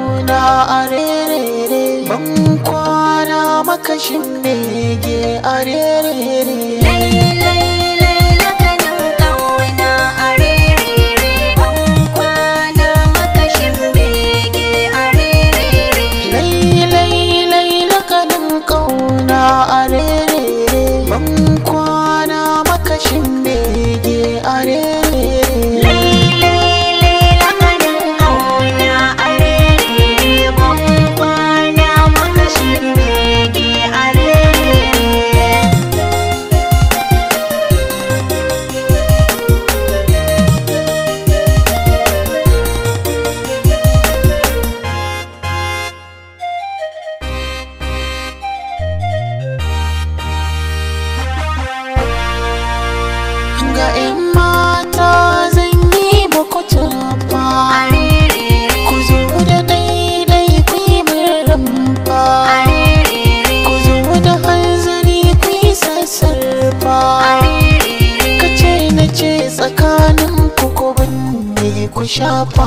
nuna a rere ban kwana makashin bege a rere shafa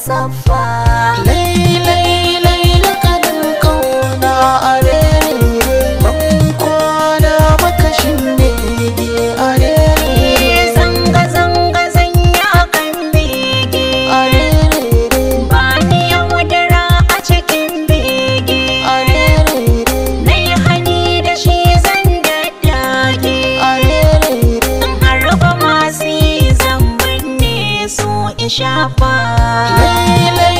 suffer in shafa. Lele.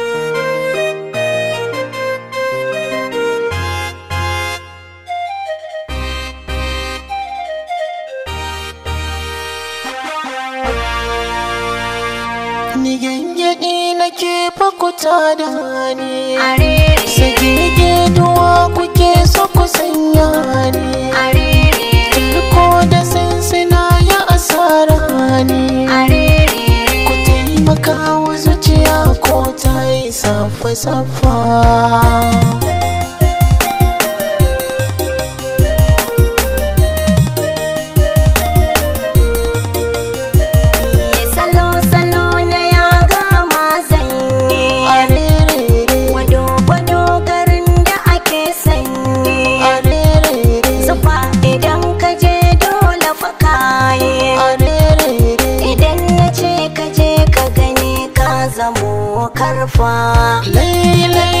kuke fakuta da hani sagege duwa kuke so ku sanya hani ko da sinsina ya asara hani ku taimaka wa zuciya ko ta yi safa-safa karfa. Lailai